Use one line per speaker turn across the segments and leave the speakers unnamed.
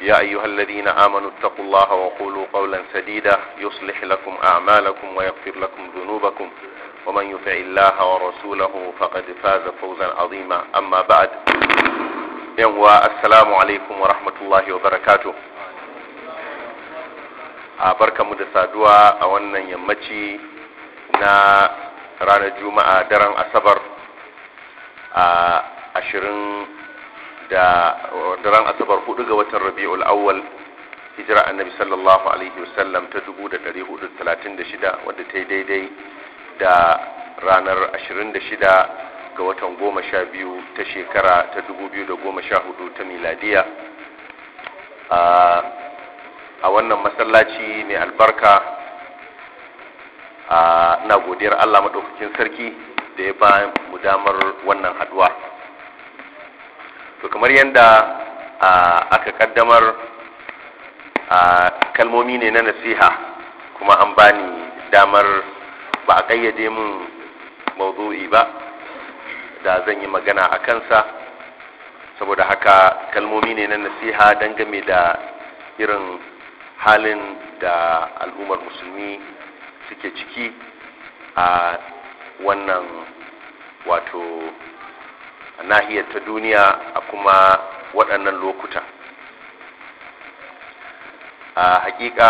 يا أيها الذين آمنوا اتقوا الله وقولوا قولا سديدا يصلح لكم أعمالكم ويغفر لكم ذنوبكم ومن يطع الله ورسوله فقد فاز فوزا عظيما أما بعد ينوى السلام عليكم ورحمة الله وبركاته أبارك مدسادوا أولا يمتي نا رانا جمعة درن أصبر أشرن da daren asabar hudu ga watan rabi'ul awwal hijira annabi sallallahu alaihi wasallam ta 1436 wadda ta yi daidai da ranar 26 ga watan 12 ta shekara ta 2014 ta miladiya a wannan masallaci mai albarka na godiyar allah maɗaukakin sarki da ya ba mu damar wannan haduwa to kamar yadda aka kaddamar kalmomi ne na nasiha kuma an bani damar ba a kayyade min maudu'i ba da zan yi magana a kansa saboda haka kalmomi ne na nasiha game da irin halin da al'ummar musulmi suke ciki a wannan wato nahiyar ta duniya a kuma waɗannan lokuta a hakika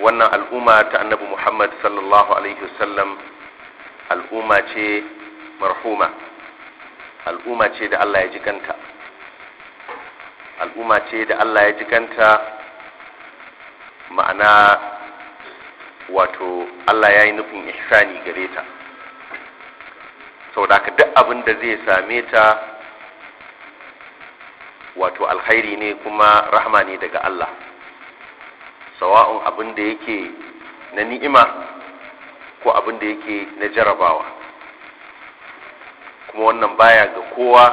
wannan al'umma ta annabi muhammad sallallahu alaihi wasallam al'umma ce marhuma al'umma ce da allah ya ji kanta al'umma ce da allah ya ji kanta ma'ana wato allah ya yi nufin ihsani gare ta saboda ka duk abin da zai same ta wato alkhairi ne kuma rahama ne daga Allah sawa'un abin da yake na ni'ima ko abin da yake na jarabawa kuma wannan baya ga kowa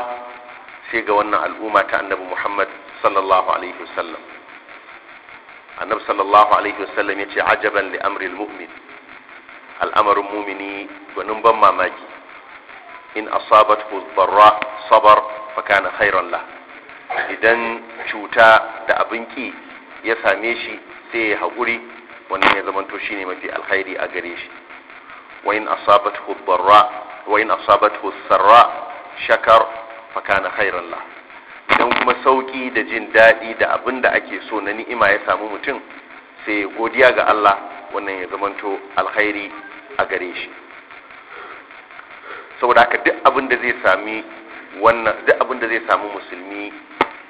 sai ga wannan al'umma ta annabi Muhammad sallallahu alaihi wasallam annabi sallallahu alaihi wasallam ya ce ajaban li amri al-mu'min al'amarin mumini gwanin ban mamaki in asabathu barra sabar fa kana khairan la idan cuta da abin ya same shi sai ya haƙuri wannan ya zamanto shine mafi alkhairi a gare shi wa in asabathu wa shakar fa kana khairan la idan kuma sauki da jin daɗi da abin da ake so na ni'ima ya samu mutum sai godiya ga Allah wannan ya zamanto alkhairi a gare shi saboda haka duk abin da zai sami wannan duk abin da zai samu musulmi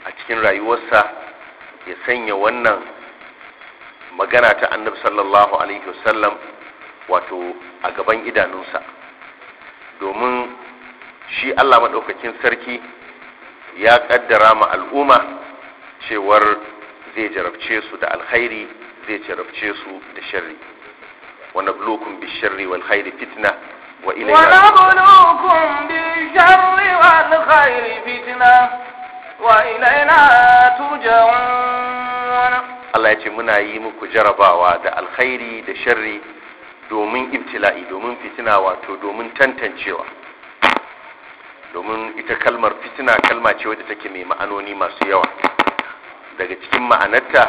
a cikin rayuwarsa ya sanya wannan magana ta annabi sallallahu alaihi wasallam wato a gaban idanunsa domin shi Allah maɗaukakin sarki ya ƙaddara ma al'umma cewar zai jarabce su da alkhairi zai jarabce su da sharri wa nablukum bi wal khairi fitna وإلينا
ونبلوكم بالشر والخير فتنة وإلينا ترجعون
Allah ya ce muna yi muku الخير da alkhairi da دومين domin واتو دومين fitina wato domin tantancewa domin ita kalmar fitina kalma ce wadda take mai ma'anoni masu yawa daga cikin ma'anarta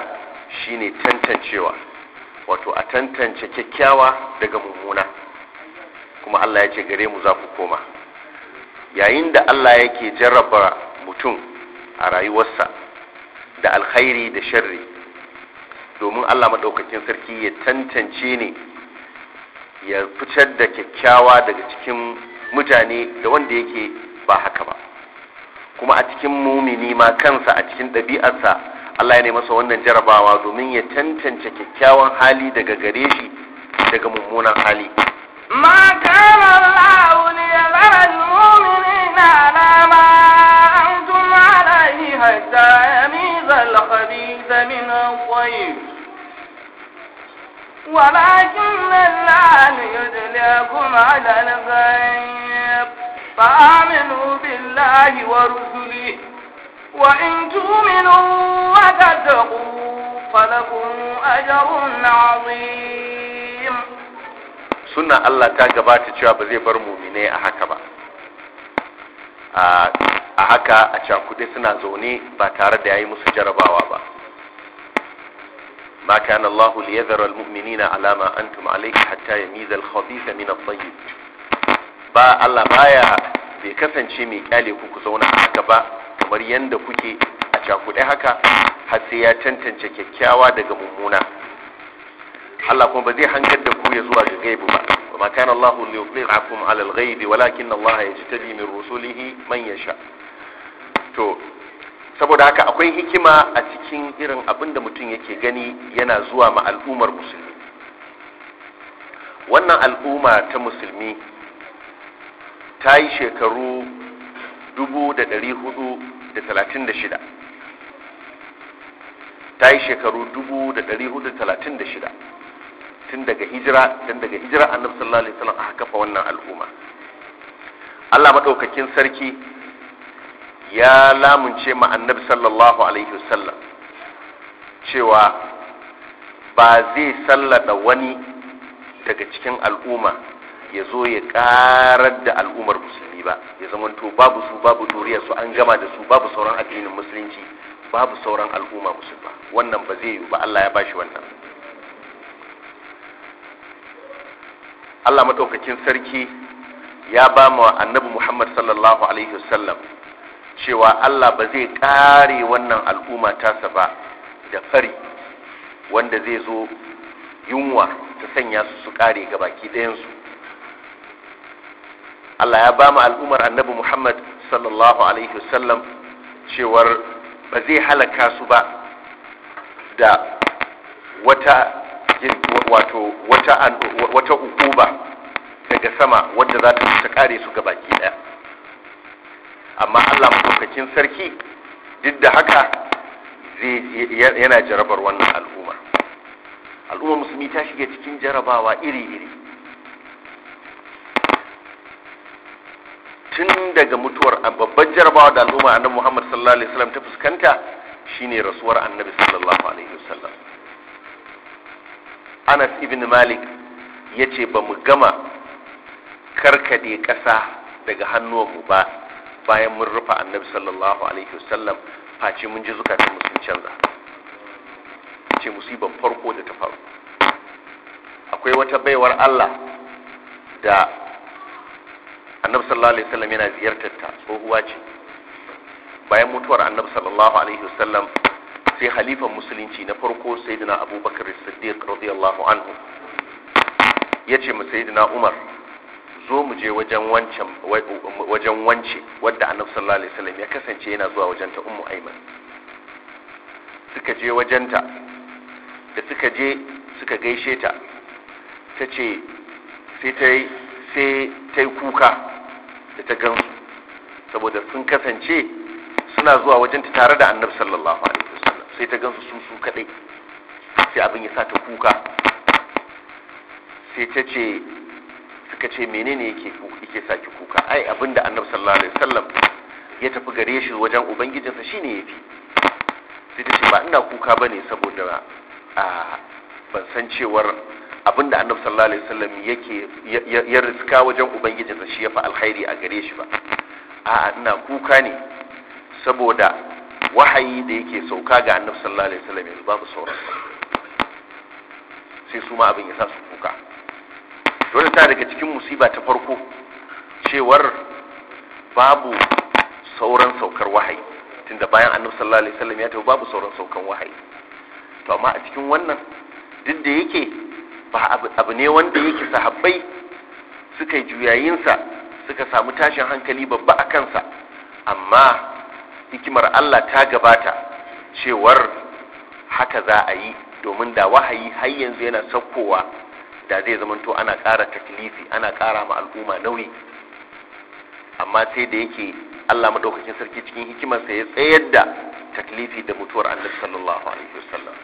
shine tantancewa wato a tantance kyakkyawa daga mummuna kuma Allah ya ce gare mu za ku koma yayin da Allah yake jarraba mutum a rayuwarsa da alkhairi da sharri domin Allah maɗaukakin sarki ya tantance ne ya fitar da kyakkyawa daga cikin mutane da wanda yake ba haka ba kuma a cikin mumini ma kansa a cikin ɗabi'arsa Allah ya masa wannan jarabawa domin ya tantance kyakkyawan hali daga gare shi daga mummunan hali
ma ولكن الله يدليكم على الغيب فآمنوا بالله ورسله وإن تؤمنوا وتتقوا فلكم أجر عظيم
سنة الله تاجبات تشاب برمو أحكبا a haka a cakuɗe suna zaune ba tare da ya yi musu jarabawa ba ما كان الله ليذر المؤمنين على ما أنتم عليه حتى يميز الخبيث من الطيب ba Allah baya bai kasance mai kyale ku ku zauna haka ba kamar yadda kuke a cakuɗe haka har sai ya tantance kyakkyawa daga mummuna Allah kuma ba zai hangar da ku ya zuwa ga gaibu ba wa ma kana Allah li yudhi'akum 'ala al-ghaibi walakin Allah yajtabi min rusulihi man yasha to saboda haka akwai hikima a cikin irin abin da mutum yake gani yana zuwa ma al'ummar musulmi wannan al'umma ta musulmi ta yi shekaru 436 ta yi shekaru shida tun daga hijira tun daga hijira annabi sallallahu alaihi wasallam aka kafa wannan al'umma Allah madaukakin sarki ya lamunce ma annabi sallallahu alaihi wasallam cewa ba zai sallada wani daga cikin al'umma ya zo ya karar da al'ummar musulmi ba ya zamanto babu su babu duriya su an gama da su babu sauran addinin musulunci babu sauran al'umma musulma wannan ba zai yi ba Allah ya bashi wannan Allah madaukakin sarki ya ba mu annabi Muhammad sallallahu alaihi wasallam cewa Allah ba zai kare wannan al'umma tasa ba da fari wanda zai zo yunwa ta sanya su su kare ga baki ɗayansu Allah ya ba mu al'ummar annabi Muhammad sallallahu alaihi wasallam cewar ba zai halaka su ba da wata wato wata wata ukuba daga sama wadda za ta kare su ga baki ɗaya amma Allah madaukakin sarki duk da haka yana jarabar wannan al'umma al'umma musulmi ta shiga cikin jarabawa iri-iri tun daga mutuwar babban jarabawa da al'umma annabi Muhammad sallallahu alaihi wasallam ta fuskanta shine rasuwar annabi sallallahu alaihi wasallam Anas ibn Malik ya ce ba mu gama karkade ƙasa daga hannuwanmu ba bayan mun rufa annabi sallallahu alaihi wasallam face mun ji zukatan sun canza ce musibar farko da ta faru akwai wata baiwar Allah da annabi sallallahu alaihi wasallam yana ziyartar ta tsohuwa ce bayan mutuwar annabi sallallahu alaihi wasallam sai halifan musulunci na farko sayyidina abubakar siddiq radiyallahu anhu ya ce ma sayyidina umar zo mu je wajen wancan wajen wance wadda annabi sallallahu alaihi wasallam ya kasance yana zuwa wajen ta ummu aiman suka je wajen ta da suka je suka gaishe ta ta ce sai ta yi sai ta yi kuka da ta gansu saboda sun kasance suna zuwa wajenta tare da annabi sallallahu alaihi wasallam sai ta gansu su su kadai sai abin ya sa ta kuka sai ta ce suka ce menene yake yake saki kuka ai abinda annabi sallallahu alaihi wasallam ya tafi gare shi wajen ubangijinsa shine yafi sai ta ce ba ina kuka bane saboda a ban san cewar abinda annabi sallallahu alaihi wasallam yake ya riska wajen ubangijinsa shi yafi alkhairi a gare shi ba a ina kuka ne saboda wahayi da yake sauka ga annabi sallallahu alaihi wasallam yanzu babu sauransa sai su ma abin ya sa su kuka dole ta daga cikin musiba ta farko cewar babu sauran saukar wahayi tunda bayan annabi sallallahu alaihi wasallam ya tafi babu sauran saukan wahayi to amma a cikin wannan duk da yake ba abu ne wanda yake sahabbai suka yi juyayinsa suka samu tashin hankali babba a kansa amma hikimar Allah ta gabata cewar haka za a yi domin da wahayi har yanzu yana saukowa da zai zama zamanto ana ƙara taklifi ana ƙara ma al'umma nauyi amma sai da yake Allah madaukakin sarki cikin hikimarsa ya tsayar da taklifi da mutuwar annabi sallallahu alaihi wasallam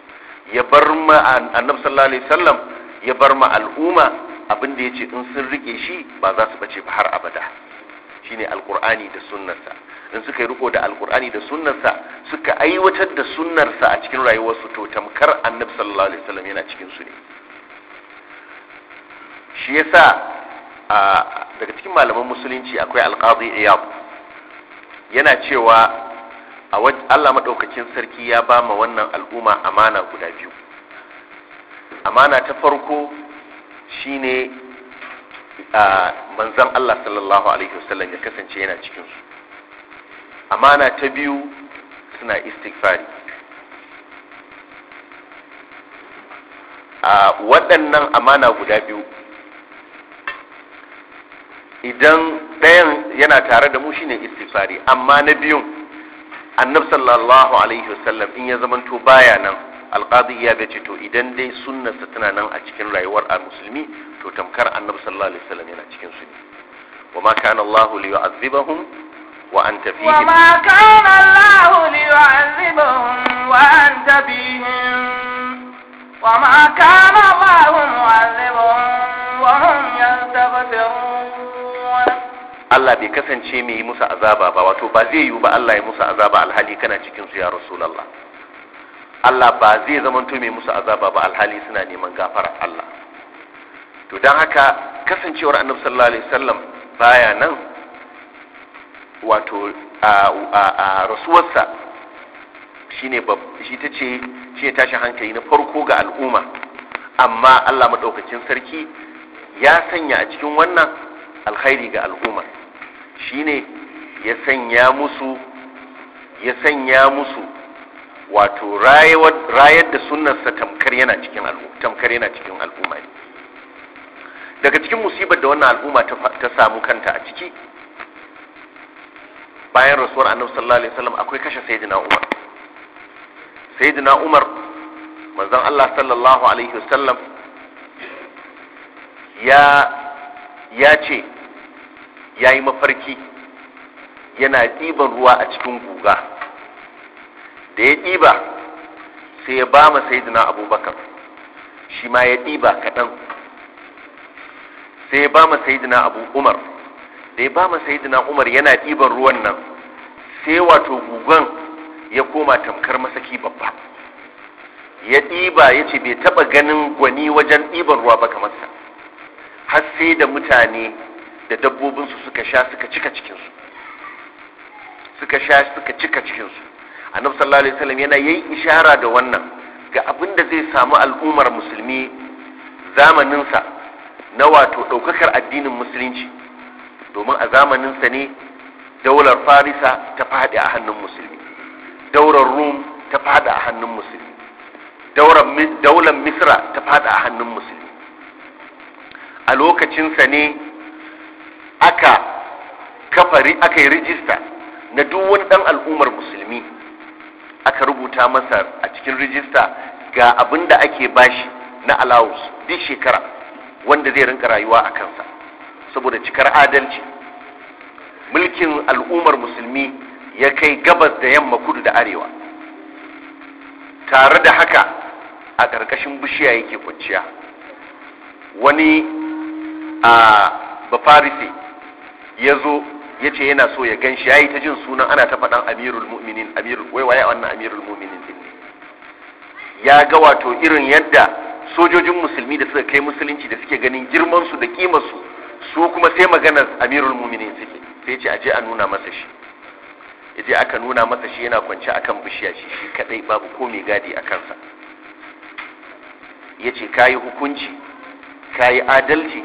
ya bar ma annabi sallallahu alaihi wasallam ya bar ma al'umma abin da yace in sun rike shi ba za su bace ba har abada shine alqur'ani da sunnarsa in suka yi riko da alqur'ani da sunnarsa suka aiwatar da sunnarsa a cikin rayuwarsu to tamkar annabi sallallahu alaihi wasallam yana cikin su ne shi yasa daga cikin malaman musulunci akwai alqadi iyad yana cewa a Allah maɗaukacin sarki ya ba ma wannan al'umma amana guda biyu amana ta farko shine manzan Allah sallallahu alaihi wasallam ya kasance yana cikin su amana ta biyu suna istighfari a waɗannan amana guda biyu idan ɗayan yana tare da mu shine istifari amma na biyu annab sallallahu alaihi wasallam in ya zaman to baya nan alqadi ya ga to idan dai sunnarsa tana nan a cikin rayuwar a musulmi to tamkar annab sallallahu alaihi wasallam yana cikin su wa ma kana Allah li yu'azzibahum wa anta fihim wa ma
kana Allah li yu'azzibahum wa anta fihim wa ma kana Allah mu'azzibahum wa hum yastaghfirun
Allah bai kasance mai yi musu azaba ba wato ba zai yiwu ba Allah ya musu azaba alhali kana cikin su ya rasulullah Allah ba zai zama to mai musu azaba ba alhali suna neman gafara Allah to don haka kasancewar annabi sallallahu alaihi wasallam baya nan wato a rasuwarsa shine shi ta shi ya tashi hankali na farko ga al'umma amma Allah maɗaukacin sarki ya sanya a cikin wannan alkhairi ga al'umma shine ya sanya musu ya sanya musu wato rayar da sunnarsa tamkar yana cikin al'umma tamkar yana cikin al'umma ne daga cikin musibar da wannan al'umma ta samu kanta a ciki bayan rasuwar annabi sallallahu alaihi wasallam akwai kashe sayyidina umar sayyidina umar manzon Allah sallallahu alaihi wasallam ya ya ce ya yi mafarki yana ɗiban ruwa a cikin guga da ya ɗiba sai ya ba ma sayidina abubakar shi ma ya ɗiba kaɗan sai ya ba ma sayidina abu umar da ya ba ma sayidina umar yana ɗiban ruwan nan sai wato gugan ya koma tamkar masaki babba ya ɗiba ya ce bai taɓa ganin gwani wajen ɗiban ruwa ba kamar sa har sai da mutane da dabbobinsu suka sha suka cika cikinsu suka sha suka cika cikinsu annabi sallallahu alaihi wasallam yana yin ishara da wannan ga abin da zai samu al'ummar musulmi zamaninsa na wato ɗaukakar addinin musulunci domin a zamaninsa ne daular farisa ta faɗi a hannun musulmi daular rum ta faɗi a hannun musulmi daular misra ta faɗi a hannun musulmi a lokacinsa ne aka kafari aka yi rijista na duk wani ɗan al'ummar musulmi aka rubuta masa a cikin rijista ga abin da ake bashi na allowance duk shekara wanda zai rinka rayuwa a kansa saboda cikar adalci mulkin al'ummar musulmi ya kai gabas da yamma kudu da arewa tare da haka a ƙarƙashin bishiya yake kwanciya wani a Bafarise. ya zo ya ce yana so ya gan shi ya yi ta jin sunan ana ta faɗan amirul mu'minin amirul wai waye wannan amirul mu'minin din ya ga wato irin yadda sojojin musulmi da suka kai musulunci da suke ganin girman su da kimar su su kuma sai maganar amirul mu'minin suke sai ce aje a nuna masa shi yaje aka nuna masa shi yana kwance akan bishiya shi shi kadai babu ko mai gadi a kansa ya yace kayi hukunci kayi adalci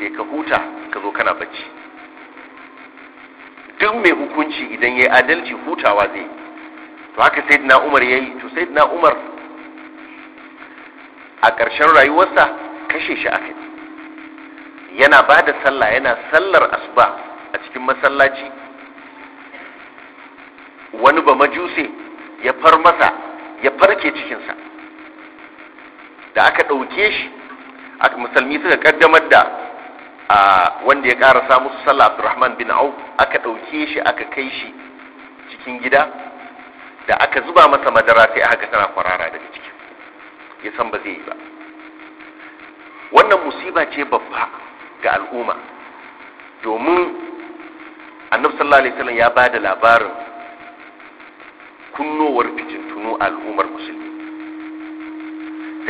sai ka huta ka zo kana bacci duk mai hukunci idan ya yi adalci hutawa zai to haka sai sayyidina umar ya yi to sayyidina umar a ƙarshen rayuwarsa kashe shi aka yana ba da sallah yana sallar asuba a cikin masallaci wani ba majuse ya far masa ya farke cikinsa da aka ɗauke shi a musulmi suka ƙaddamar da A wanda ya karasa musu sallah abdurrahman bin auf aka ɗauke shi aka kai shi cikin gida da aka zuba masa madara sai aka tana kwarara daga ciki ya san ba zai yi ba wannan musiba ce babba ga al'umma domin annabi sallallahu alaihi wasallam ya ba da labarin kunnowar fitintunu al'ummar musulmi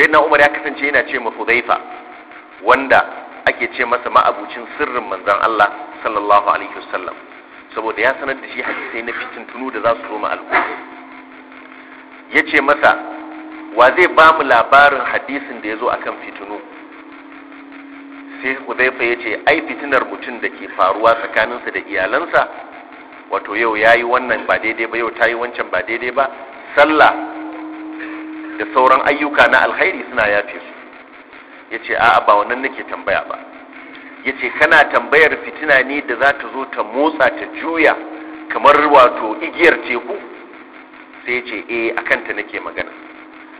sai na umar ya kasance yana ce ma wanda ake ce masa ma'abucin sirrin manzon Allah sallallahu alaihi wasallam saboda ya sanar da shi hadisai na fitintunu da za su zo ma al'umma ya ce masa wa zai ba mu labarin hadisin da ya zo akan fitinu sai hudaifa ya ce ai fitinar mutum da ke faruwa tsakaninsa da iyalansa wato yau ya yi wannan ba daidai ba yau ta yi wancan ba daidai ba sallah da sauran ayyuka na alkhairi suna yafe su ya ce a'a ba wannan nake tambaya ba ya ce kana tambayar fitina ne da za ta zo ta motsa ta juya kamar wato igiyar teku sai ya ce eh a ta nake magana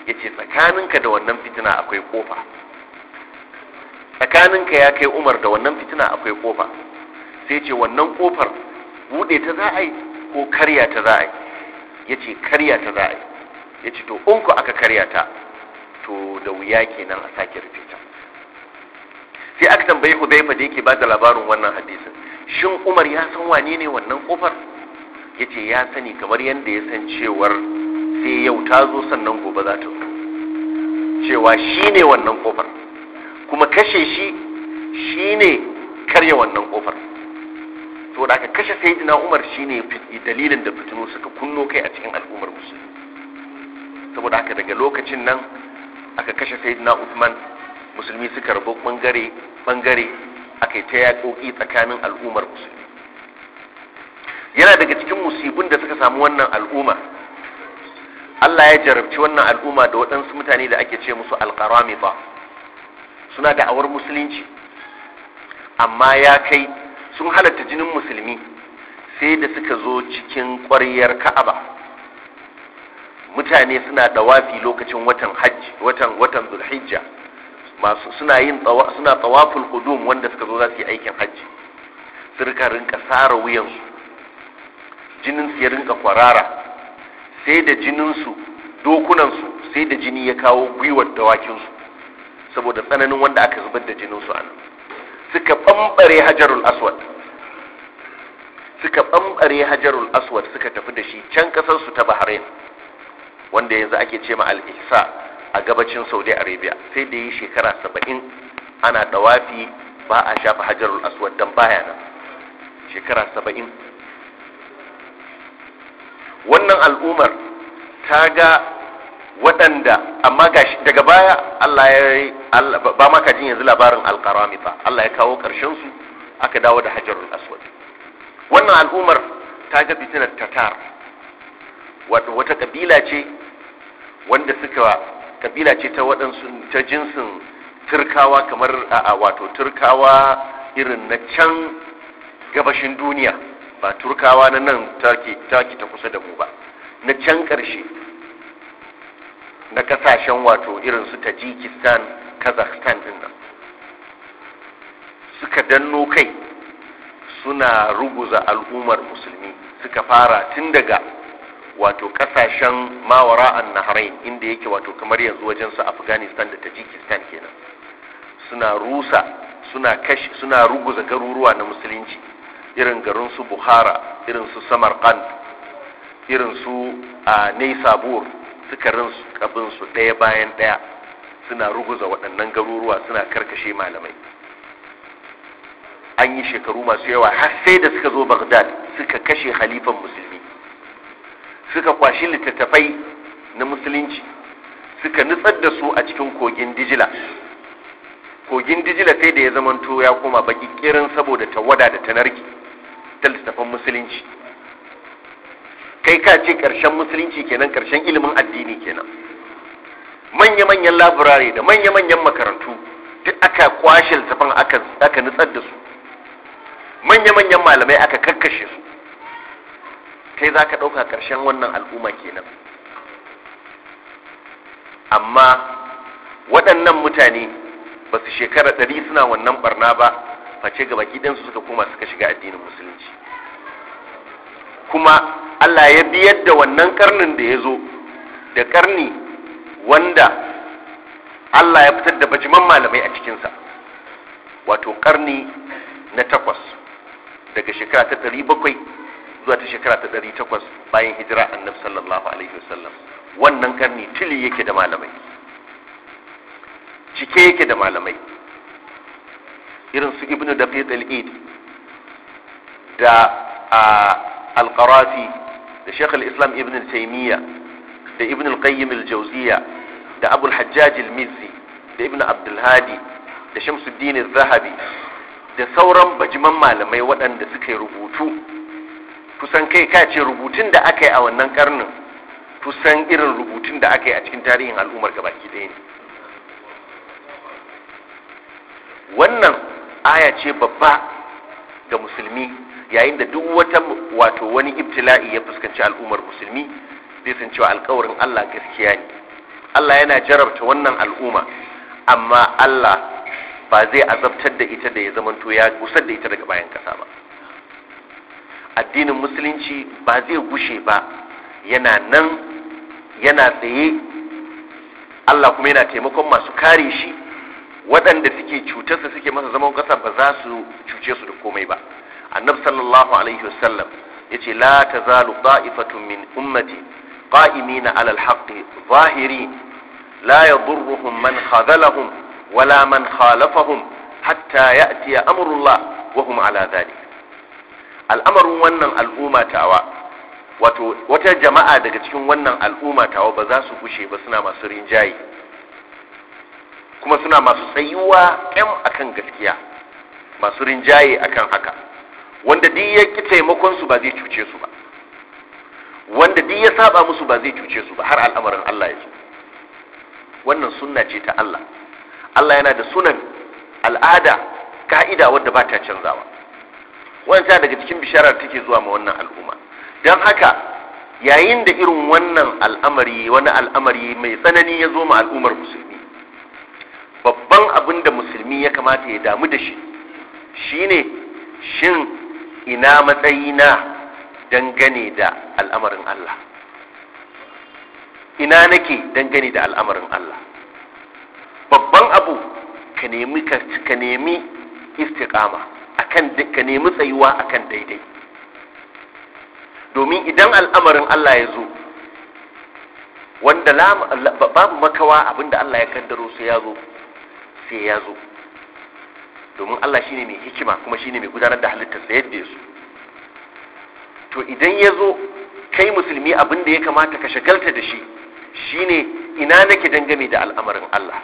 ya ce tsakaninka da wannan fitina akwai kofa tsakaninka ya kai Umar da wannan fitina akwai kofa sai ce wannan kofar bude ta za a yi ko karya ta za a yi ce karya ta za a yi ce to unku aka karya ta to da wuya kenan a sake rufe ta sai aka tambayi Hudayfa da yake ba da labarin wannan hadisin shin Umar ya san wane ne wannan kofar yace ya sani kamar yadda ya san cewar sai yau ta zo sannan gobe za ta zo cewa shine wannan kofar kuma kashe shi shine karya wannan kofar saboda aka kashe sayyidina Umar shine dalilin da fitinu suka kunno kai a cikin al'ummar musulmi saboda haka daga lokacin nan aka kashe sayyidina usman. musulmi suka rabu bangare bangare aka ta yaƙoƙi tsakanin al'ummar musulmi yana daga cikin musibin da suka samu wannan al'umma Allah ya jarabci wannan al'umma da waɗansu mutane da ake ce musu alƙarami ba suna da awar musulunci amma ya kai sun halatta jinin musulmi sai da suka zo cikin ƙwaryar ka'aba mutane suna da wafi lokacin watan watan watan zulhijja masu suna yin suna tawaful qudum wanda suka zo za su yi aikin hajji su rika rinka sara wuyansu jinin su ya rinka kwarara sai da jinin su dokunan su sai da jini ya kawo gwiwar dawakin su saboda tsananin wanda aka zubar da jinin su a nan suka bambare hajarul aswad suka bambare hajarul aswad suka tafi da shi can kasar su ta Bahrain wanda yanzu ake ce ma al-Ihsa a gabacin saudi arabia sai da yi shekara saba'in ana dawafi ba a shafa hajarul aswad don baya nan shekara saba'in wannan al'umar ta ga waɗanda amma gashi daga baya allah ya yi ba maka jin yanzu labarin ba, allah ya kawo su aka dawo da hajarul aswad wannan al'umar ta ga fitinar tatar wata kabila ce wanda suka kabila ce ta waɗansu ta jinsin turkawa kamar a wato turkawa irin na can gabashin duniya ba turkawa na nan taki ta kusa da mu ba na can ƙarshe na ƙasashen wato irin su tajikistan kazakhstan din nan suka danno kai suna ruguza al'ummar musulmi suka fara tun daga wato kasashen mawara an nahrain inda yake wato kamar yanzu wajen su afghanistan da tajikistan kenan suna rusa suna kashi suna ruguza garuruwa na musulunci irin garin su buhara irin su samarkand irin su a naisabur suka rinsu kabinsu ɗaya bayan ɗaya suna ruguza waɗannan garuruwa suna karkashe malamai an yi shekaru masu yawa har sai da suka zo bagdad suka kashe halifan musulmi suka kwashi littattafai na musulunci suka nutsar da su a cikin kogin dijila kogin dijila sai da ya zamanto ya koma baki kirin saboda tawada da tanarki ta littattafan musulunci kai ka ce ƙarshen musulunci kenan ƙarshen ilimin addini kenan manya-manyan laburare da manya-manyan makarantu duk aka kwashe littattafan aka nutsar da su manya-manyan malamai aka kakkashe su kai za ka ɗauka ƙarshen wannan al'umma kenan amma waɗannan mutane ba su shekara ɗari suna wannan barna ba face ga baki ɗansu suka koma suka shiga addinin musulunci kuma allah ya biyar da wannan karnin da ya zo da karni wanda allah ya fitar da bajiman malamai a cikinsa wato karni na takwas daga shekara ta ɗari bakwai zuwa ta shekara ta ɗari takwas bayan hijira annabi sallallahu alaihi wasallam wannan karni tili yake da malamai cike yake da malamai irin su ibnu daqiq al-id da al-qarafi da shaykh islam ibn taymiya da ibn al-qayyim al-jawziya da abul hajjaj al-mizzi da ibn Abdulhadi, da shamsuddin al-zahabi da sauran bajiman malamai waɗanda suka yi rubutu kusan kai ka ce rubutun da aka yi a wannan karnin kusan irin rubutun da aka yi a cikin tarihin al'ummar gabaki ɗaya ne wannan aya ce babba ga musulmi yayin da duk wata wato wani ibtila'i ya fuskanci al'ummar musulmi zai san cewa alkawarin Allah gaskiya ne Allah yana jarabta wannan al'umma amma Allah ba zai azabtar da ita da ya zamanto ya gusar da ita daga bayan kasa ba addinin musulunci ba zai gushe ba yana nan yana tsaye Allah kuma yana taimakon masu kare shi waɗanda suke cutarsa suke masa zaman ƙasa ba za su cuce su da komai ba annab sallallahu alaihi wasallam ya ce la tazalu, zalu ɗa'ifatun min ummati qa'imina alal haqqi zahiri la yadurruhum man khadalahum wala man khalafahum hatta ya'tiya amrullah wa hum ala dhalik al'amarin wannan al'umma tawa wato wata jama'a daga cikin wannan al'umma tawa ba za su gushe ba suna masu rinjaye kuma suna masu tsayuwa ƴan akan gaskiya masu rinjaye akan haka wanda duk ya ki taimakon su ba zai cuce su ba wanda duk ya saba musu ba zai cuce su ba har al'amarin Allah ya zo wannan sunna ce ta Allah Allah yana da sunan al'ada ka'ida wadda ba ta canzawa wannan daga cikin bisharar take zuwa ma wannan al'umma don haka yayin da irin wannan al'amari wani al'amari mai tsanani ya zo ma al'ummar musulmi babban abin da musulmi ya kamata ya damu da shi shine shin ina matsayina dangane da al'amarin Allah ina nake dangane da al'amarin Allah babban abu ka nemi istiqama akan ka nemi tsayuwa akan daidai domin idan al'amarin Allah ya zo wanda babu makawa abinda Allah ya kaddaro sai ya zo sai ya zo domin Allah shine mai hikima kuma shine mai gudanar da halittarsa yadda ya so to idan ya zo kai musulmi abinda ya kamata ka shagalta da shi shine ina nake dangane da al'amarin Allah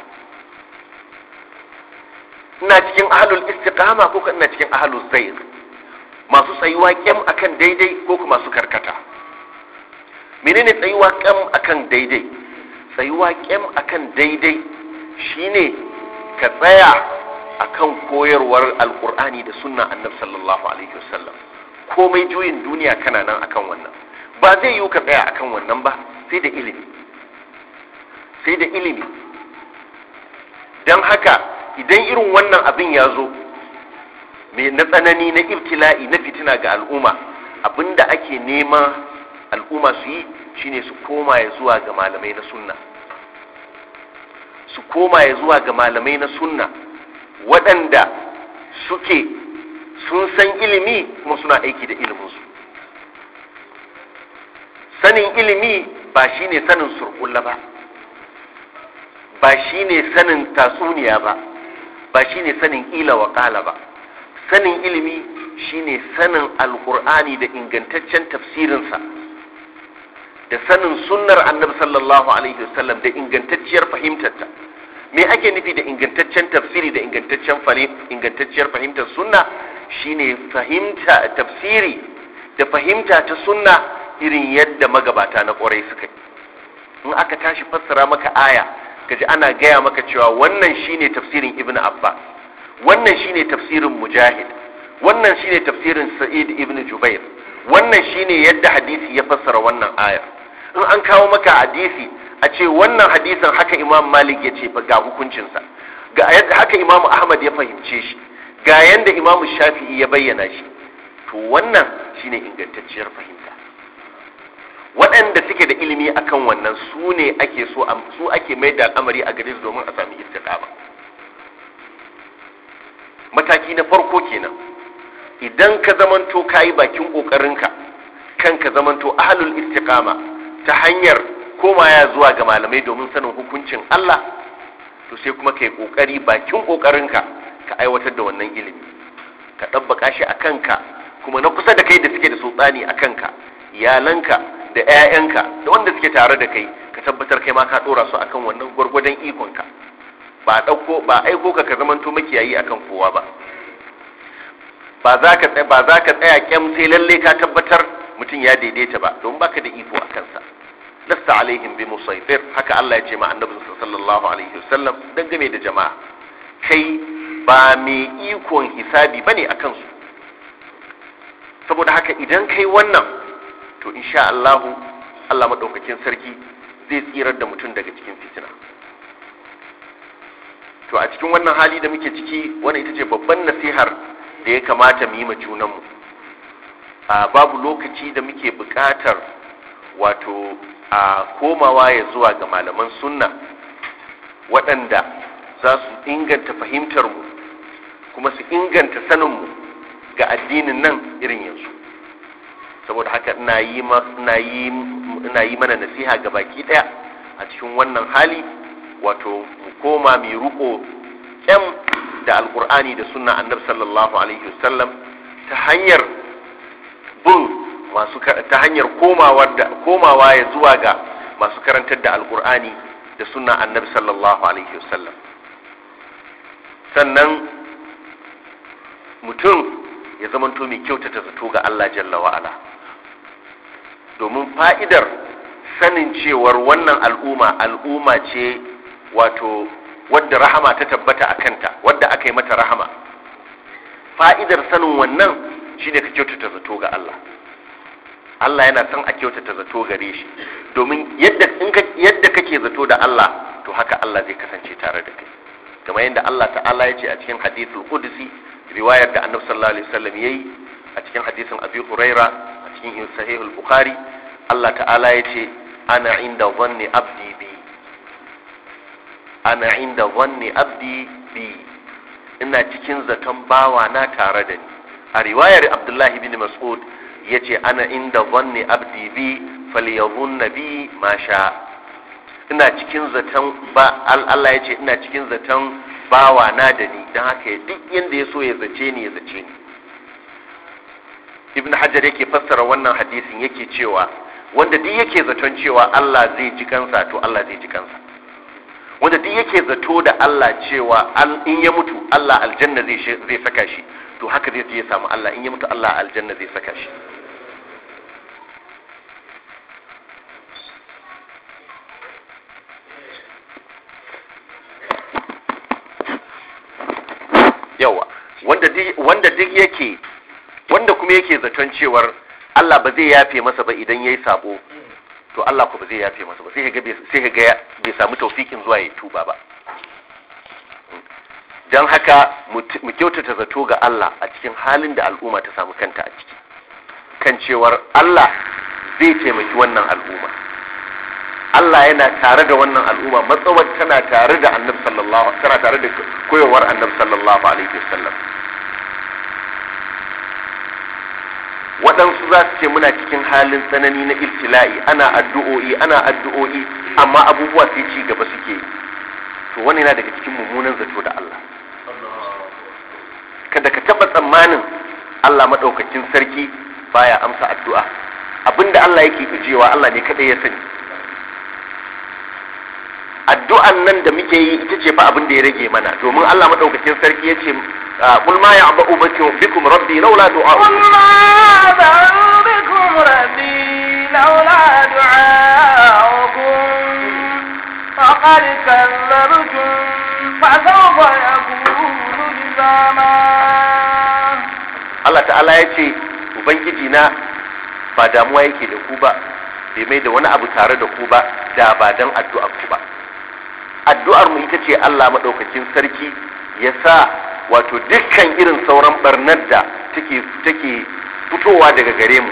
ina cikin ahlul istiqama ko ina cikin ahlul sayr masu tsayuwa kyam akan daidai ko kuma su karkata menene tsayuwa kyam akan daidai tsayuwa kyam akan daidai shine ka tsaya akan koyarwar alkur'ani da sunna annabi sallallahu alaihi wasallam komai juyin duniya kana nan akan wannan ba zai yiwu ka tsaya akan wannan ba sai da ilimi sai da ilimi don haka idan irin wannan abin ya zo mai na tsanani na ibtila'i na fitina ga al'umma abin da ake nema al'umma su yi shine su koma ya zuwa ga malamai na sunna su koma ya zuwa ga malamai na sunna waɗanda suke sun san ilimi kuma suna aiki da iliminsu sanin ilimi ba shine sanin surkulla ba ba shine sanin tatsuniya ba ba shine sanin ila wa kala ba sanin ilimi shine sanin alkur'ani da ingantaccen tafsirinsa da sanin sunnar annabi sallallahu alaihi wasallam da ingantacciyar fahimtarta me ake nufi da ingantaccen tafsiri da ingantaccen ingantacciyar fahimtar sunna shine fahimta tafsiri da fahimta ta sunna irin yadda magabata na ƙwarai suka yi in aka tashi fassara maka aya kaji ana gaya maka cewa wannan shine tafsirin ibn abbas wannan shine tafsirin mujahid wannan shine tafsirin sa'id ibn jubair wannan shine yadda hadisi ya fassara wannan ayar in an kawo maka hadisi a ce wannan hadisin haka imam malik ya ce ga hukuncinsa ga yadda haka imam ahmad ya fahimce shi ga yadda imam shafi'i ya bayyana shi to wannan shine ingantacciyar fahimta waɗanda suke da ilimi akan wannan su ne ake so su ake mai da al'amari a gare su domin a sami istiqama mataki na farko kenan idan ka zamanto kayi bakin kokarinka kan ka zamanto ahlul istiqama ta hanyar komaya zuwa ga malamai domin sanin hukuncin Allah to sai kuma kai kokari bakin kokarinka ka aiwatar da wannan ilimi ka dabbaka shi a kanka kuma na kusa da kai da suke da sultani a kanka iyalanka da 'ya'yanka da wanda suke tare da kai ka tabbatar kai ma ka dora su akan wannan gwargwadon ikonka ba dauko ba aiko ka ka zamanto makiyayi akan kowa ba ba za ka tsaya ba za ka tsaya kyam sai lalle ka tabbatar mutum ya daidaita ba don baka da iko akan sa lasta alaihim bi musaitir haka Allah ya ce ma annabi sallallahu alaihi wasallam dangane da jama'a kai ba mai ikon hisabi bane akan su saboda haka idan kai wannan to in sha Allahu, Allah madaukakin sarki zai tsirar da mutum daga cikin fitina to a cikin wannan hali da muke ciki wani ita ce babban nasihar da ya kamata mu yi ma junanmu a babu lokaci da muke buƙatar wato a komawa ya zuwa ga malaman sunna waɗanda za su inganta mu kuma su inganta sanin mu ga addinin nan irin yanzu saboda haka ina yi ina yi ina yi mana nasiha ga baki daya a cikin wannan hali wato mu koma mu ruko kyam da alkur'ani da sunna annabi sallallahu alaihi wasallam ta hanyar bin masu ta hanyar komawa da komawa ya zuwa ga masu karantar da alkur'ani da sunna annabi sallallahu alaihi wasallam sannan mutum ya zamanto mai kyautata zato ga Allah jalla wa'ala domin fa'idar sanin cewar wannan al'umma al'umma ce wato wadda rahama ta tabbata a kanta wadda aka yi mata rahama fa'idar sanin wannan shi ne ka kyautata zato ga Allah Allah yana son a kyautata zato gare shi domin yadda kake zato da Allah to haka Allah zai kasance tare da kai kamar yadda Allah ta'ala ya ce a cikin hadithul qudsi riwayar da annabi sallallahu alaihi wasallam yayi a cikin hadisin abi huraira cikin sahih al-bukhari Allah ta'ala ya ce ana inda wanne abdi bi ana inda wanne abdi bi ina cikin zaton bawa na tare da ni a riwayar Abdullahi bin Mas'ud ya ce, ana inda wanne abdi bi falyadhunna bi masha. ina cikin zaton ba Allah ce, ina cikin zaton bawa na da ni don haka duk yadda ya so ya zace ni ya zace ni ibn hajar yake fassara wannan hadisin yake cewa wanda duk yake zaton cewa Allah zai ji kansa to Allah zai ji kansa wanda duk yake zato da Allah cewa in ya mutu Allah aljanna zai saka shi to haka zai ya samu Allah in ya mutu Allah aljanna zai saka shi yawa wanda duk yake wanda kuma yake zaton cewar Allah ba zai yafe masa ba idan ya yi sabo to Allah ko ba zai yafe masa ba sai ga bai samu taufikin zuwa ya tuba ba dan haka mu kyautata zato ga Allah a cikin halin da al'umma ta samu kanta a ciki kan cewar Allah zai taimaki wannan al'umma Allah yana tare da wannan al'umma matsawar tana tare da annabi sallallahu tana tare da koyarwar annabi sallallahu alaihi wasallam waɗansu za su ce muna cikin halin tsanani na iltila'i ana addu'o'i ana addu'o'i amma abubuwa sai ci gaba suke to wani yana daga cikin mummunan zato da Allah kada ka taɓa tsammanin Allah maɗaukakin sarki baya amsa addu'a abinda Allah yake ijewa Allah ne kada ya sani addu'an nan da muke yi ita ce fa abin da ya rage mana domin Allah madaukakin sarki ya ce ah, qul ma ya'ba'u bikum rabbi laula du'a qul ma
ya'ba'u bikum rabbi laula du'a'ukum faqad kallabtum fa yakunu lizama
Allah ta'ala ya ce ubangiji na ba damuwa yake da ku ba bai mai da wani abu tare da ku ba da ba dan addu'a ku ba addu'ar mu ita ce Allah maɗaukakin sarki ya sa wato dukkan irin sauran barnar da take take fitowa daga gare mu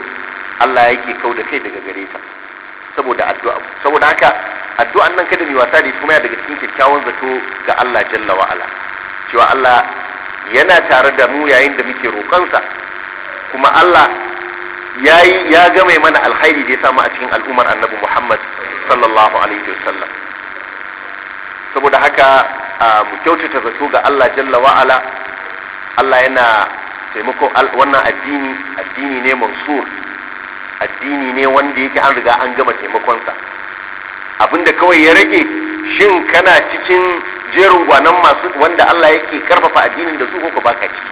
Allah yake kau da kai daga gare ta saboda addu'a saboda haka addu'an nan kada mu wasa da kuma ya daga cikin kyakkyawan zato ga Allah jalla wa ala cewa Allah yana tare da mu yayin da muke roƙonsa kuma Allah ya ya game mana alkhairi da ya samu a cikin al'ummar annabi Muhammad sallallahu alaihi wasallam saboda haka mu kyautata zato ga Allah jalla wa'ala Allah yana taimako wannan addini addini ne mansur addini ne wanda yake an riga an gama taimakonsa abinda kawai ya rage shin kana cikin jerin gwanan masu wanda Allah yake karfafa addinin da su ko baka ciki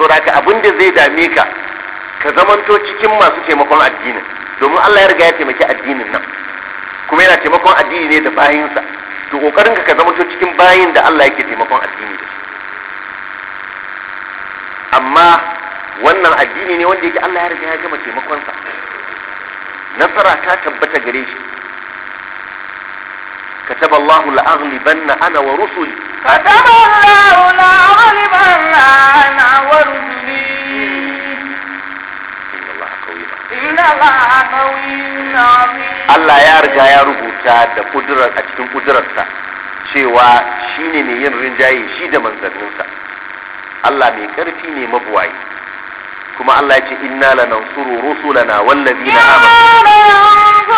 to da ka abinda zai dame ka ka zamanto cikin masu taimakon addinin domin Allah ya riga ya taimaki addinin nan kuma yana taimakon addini ne da bayinsa to kokarin ka zama to cikin bayin da Allah yake taimakon addini da su amma wannan addini ne wanda yake Allah ya riga ya gama taimakonsa nasara ta tabbata gare shi كتب الله لأغلبن أنا ورسلي
كتب الله لأغلبن أنا ورسلي Allah ya riga ya
rubuta da kudurar a cikin kudurarsa cewa shi ne mai yin rinjaye shi da manzanninsa Allah mai ƙarfi ne mabuwayi kuma Allah ya ce inna lanansuru rusulana wallazina
amanu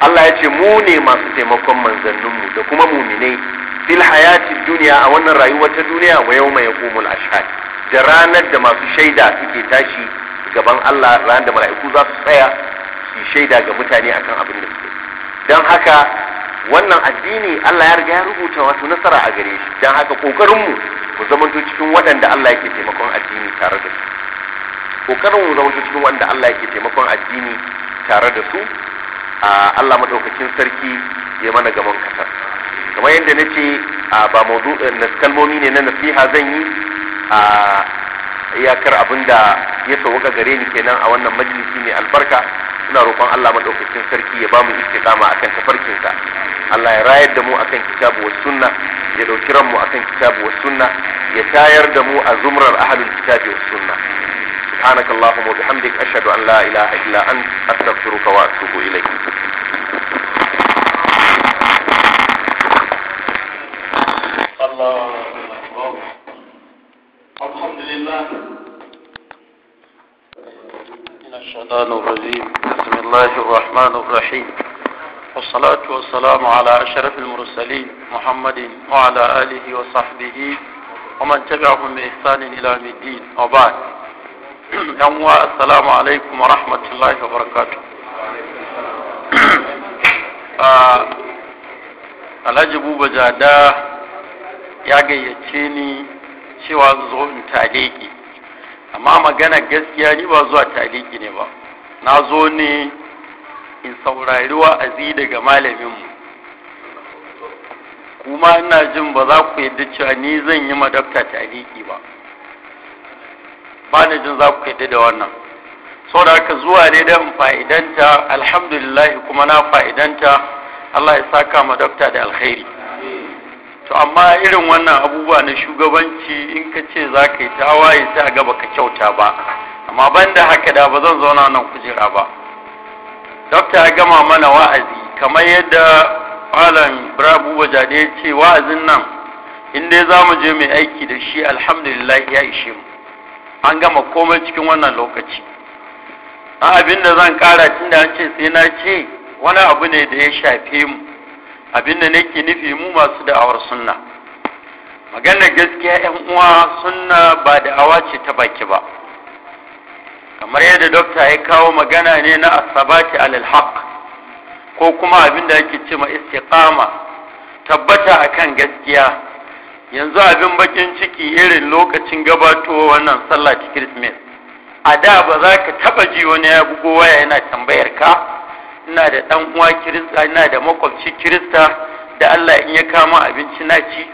Allah ya ce mu ne masu taimakon manzanninmu da kuma muminai fil hayati duniya a wannan rayuwar ta duniya wa yawma yaqumul ashhad da ranar da masu shaida suke tashi gaban Allah ranar da mala'iku za su tsaya su shaida ga mutane akan abin da suke don haka wannan addini Allah ya riga ya rubuta wasu nasara a gare shi dan haka kokarin mu mu zamanto cikin waɗanda Allah yake taimakon addini tare da su kokarin mu zamanto cikin waɗanda Allah yake taimakon addini tare da su Allah madaukakin sarki ya mana gaban kasar kamar yadda na ce ba eh, kalmomi ne na nasiha zan yi a iyakar abin da ya sauka gare ni kenan a wannan majalisi mai albarka ina roƙon Allah maɗaukakin sarki ya bamu a akan tafarkinsa Allah ya rayar da mu kan kitabu wa sunna ya ɗauki ranmu akan kitabu wa sunna ya tayar da mu a zumrar ahlul kitabi wa sunna subhanakallahumma wa bihamdik ashhadu an la ilaha illa anta astaghfiruka wa atubu
الشيطان الرجيم بسم الله الرحمن الرحيم والصلاة والسلام على أشرف المرسلين محمد وعلى آله وصحبه ومن تبعهم بإحسان إلى الدين وبعد يوم السلام عليكم ورحمة الله وبركاته Alhaji Buba Jada ya gayyace ni cewa zo in taleki amma magana gaskiya ni ba zuwa taliki ne ba na zo ne in saurari wa'azi daga malaminmu kuma ina jin ba za ku yadda cewa ni zan yi madafta tariki ba ba jin za ku yadda da wannan sau da haka zuwa ne don fa'idanta alhamdulillah kuma na fa'idanta Allah ya saka madafta da alkhairi to amma irin wannan abubuwa na shugabanci in ka ce za ka yi tawaye sai a gaba ka kyauta ba amma ban da haka da ba zan zauna nan kujera ba dokta ya gama mana wa'azi kamar yadda malam brabu wajade ya ce wa'azin nan in dai za mu je mai aiki da shi alhamdulillah ya ishe mu an gama komai cikin wannan lokaci a abin da zan kara tun da ce sai na ce wani abu ne da ya shafe mu abin da nake nufi mu masu da'awar sunna maganar gaskiya 'yan uwa sunna ba da'awa ce ta baki ba kamar yadda dokta ya kawo magana ne na asabati alal haq ko kuma abin da ake ce ma istiqama tabbata akan gaskiya yanzu abin bakin ciki irin lokacin gabatowa wannan sallah ta Christmas a da ba za ka taba ji wani ya bugo waya yana tambayar ka ina da dan uwa kirista ina da makwabci kirista da Allah in ya kama abinci naci. ci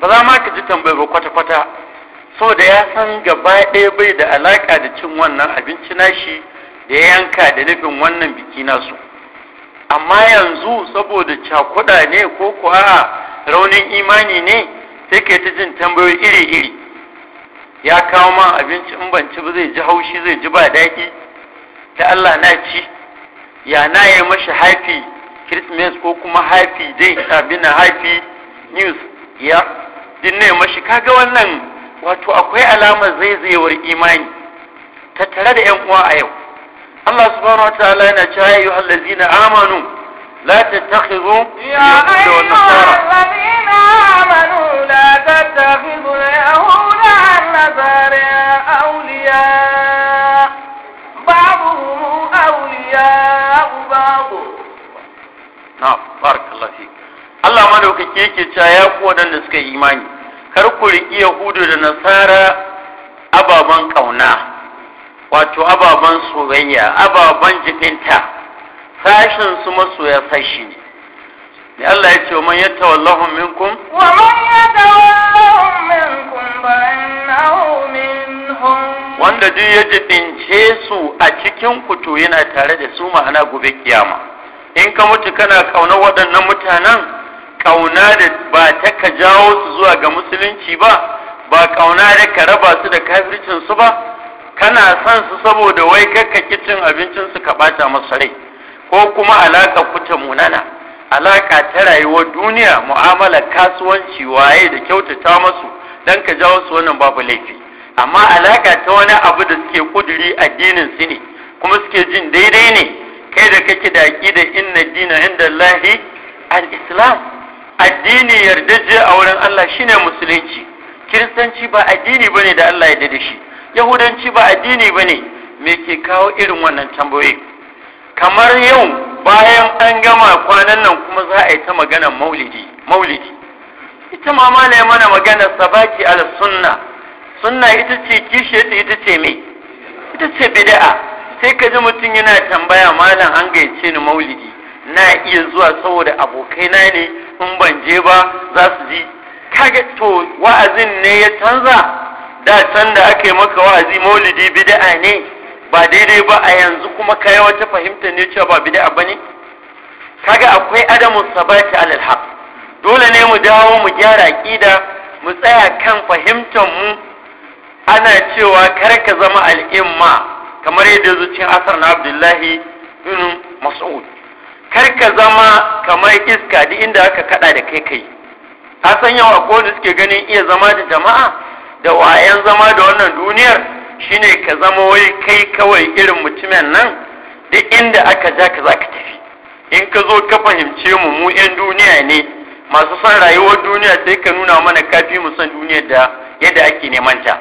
ba za ma ka ji tambayar ba kwata-kwata so da ya san gaba ɗaya bai da alaƙa da cin wannan abinci nashi da ya yanka da nufin wannan biki nasu amma yanzu saboda cakuɗa ne ko kuwa raunin imani ne sai ka ta jin tambayoyi iri-iri ya kawo man abinci in ban ci ba zai ji haushi zai ji ba daɗi ta Allah na ci ya na yi mashi haifi, Christmas ko kuma haifi dai abin haifi news ya dinne mashi kaga wannan wato akwai alamar zaizayewar imani tattare da 'yan uwa a yau Allah subhanahu wataala yana cewa ya ayyuhal
ladzina amanu la tattakhidhu yahuda wan nasara ladzina amanu la tattakhidhu yahuda wan nasara awliya ba'dhum awliya ba'd
na barakallahu fik Allah madaukake yake cewa ya ku wadanda suka yi imani kar ku riƙi yahudu da nasara ababen ƙauna wato ababen soyayya ababen jikinta fashin su ya fashi ne Allah ya ce man yatta minkum
wa man yatta minkum fa minhum
wanda duk ya jibince su a cikin ku yana tare da su ma'ana gobe kiyama in ka mutu kana kauna waɗannan mutanen kauna da ba ta ka jawo su zuwa ga musulunci ba ba ƙauna da ka raba su da kafircin su ba kana san su saboda wai kakkaki cin abincin su ka bata masu rai ko kuma alaƙa kuta munana alaƙa ta rayuwar duniya mu'amala kasuwanci waye da kyautata masu dan ka jawo su wannan babu laifi amma alaƙa ta wani abu da suke kuduri addinin su ne kuma suke jin daidai ne kai da kake da aƙidar inna dina inda Allahi al-islam addini yardaje a wurin Allah shine musulunci kiristanci ba addini bane da Allah ya da shi yahudanci ba addini bane me ke kawo irin wannan tambayoyi kamar yau bayan an gama kwanan nan kuma za a yi ta magana maulidi maulidi ita ma malaya mana magana sabaki ala sunna sunna ita ce kishi ita ce me ita ce bid'a sai ka ji mutum yana tambaya malam an gayyace ni maulidi na iya zuwa saboda abokaina ne in ban je ba za su ji kage to wa'azin ne ya canza da can da aka maka wa'azi maulidi bida'a ne ba daidai ba a yanzu kuma kai wata fahimta ne cewa ba bid'a bane kaga akwai adamu sabati alal haq dole ne mu dawo mu gyara kida mu tsaya kan fahimtar mu ana cewa kar ka zama al'imma kamar yadda zuciyar asar na abdullahi bin mas'ud kar ka zama kamar iska duk inda aka kada da kai kai a san yawa ko da suke ganin iya zama da jama'a da wayan zama da wannan duniyar shine ka zama wai kai kawai irin mutumin nan duk inda aka ja ka za ka tafi in ka zo ka fahimce mu mu 'yan duniya ne masu son rayuwar duniya sai ka nuna mana kafi mu san duniyar da yadda ake neman ta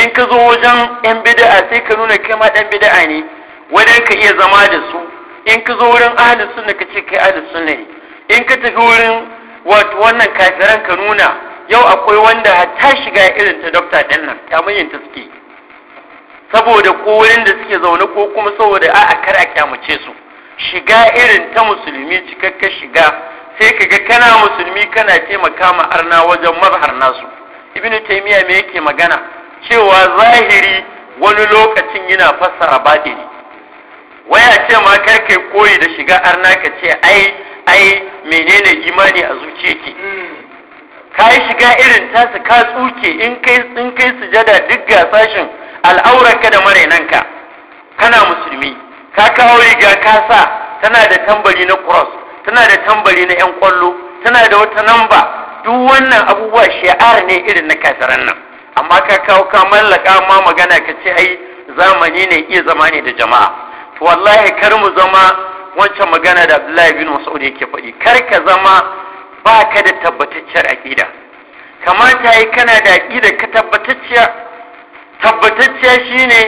in ka zo wajen 'yan bida'a sai ka nuna kai ma ɗan bida'a ne wadan ka iya zama da su in ka zo wurin ahalin sunna ka ce kai ahalin sunna ne in ka tafi wurin wato wannan kafiran ka nuna yau akwai wanda ta shiga irin ta dokta din ta manyan ta suke saboda ko wurin da suke zaune ko kuma saboda a'a kar a kyamace su shiga irin ta musulmi cikakken shiga sai ka ga kana musulmi kana taimaka ma arna wajen mazhar nasu ibn taymiya me yake magana cewa zahiri wani lokacin yana fassara batini waya ce ma kar kai koyi da shiga arna ka ce ai ai menene imani a zuciyarki ka yi shiga irin tasu ka tsuke in kai in kai sujada duk ga sashin al'aurarka da marainanka kana musulmi ka kawo riga ka sa tana da tambari na cross tana da tambari na yan kwallo tana da wata namba duk wannan abubuwa shi'ar ne irin na kasaran nan amma ka kawo ka mallaka ma magana ka ce ai zamani ne iya zama ne da jama'a to wallahi kar mu zama wancan magana da Abdullahi bin Mas'ud yake faɗi kar ka zama baka da tabbatacciyar aqida kamata yi kana da aqida ka tabbatacciya tabbatacciya shine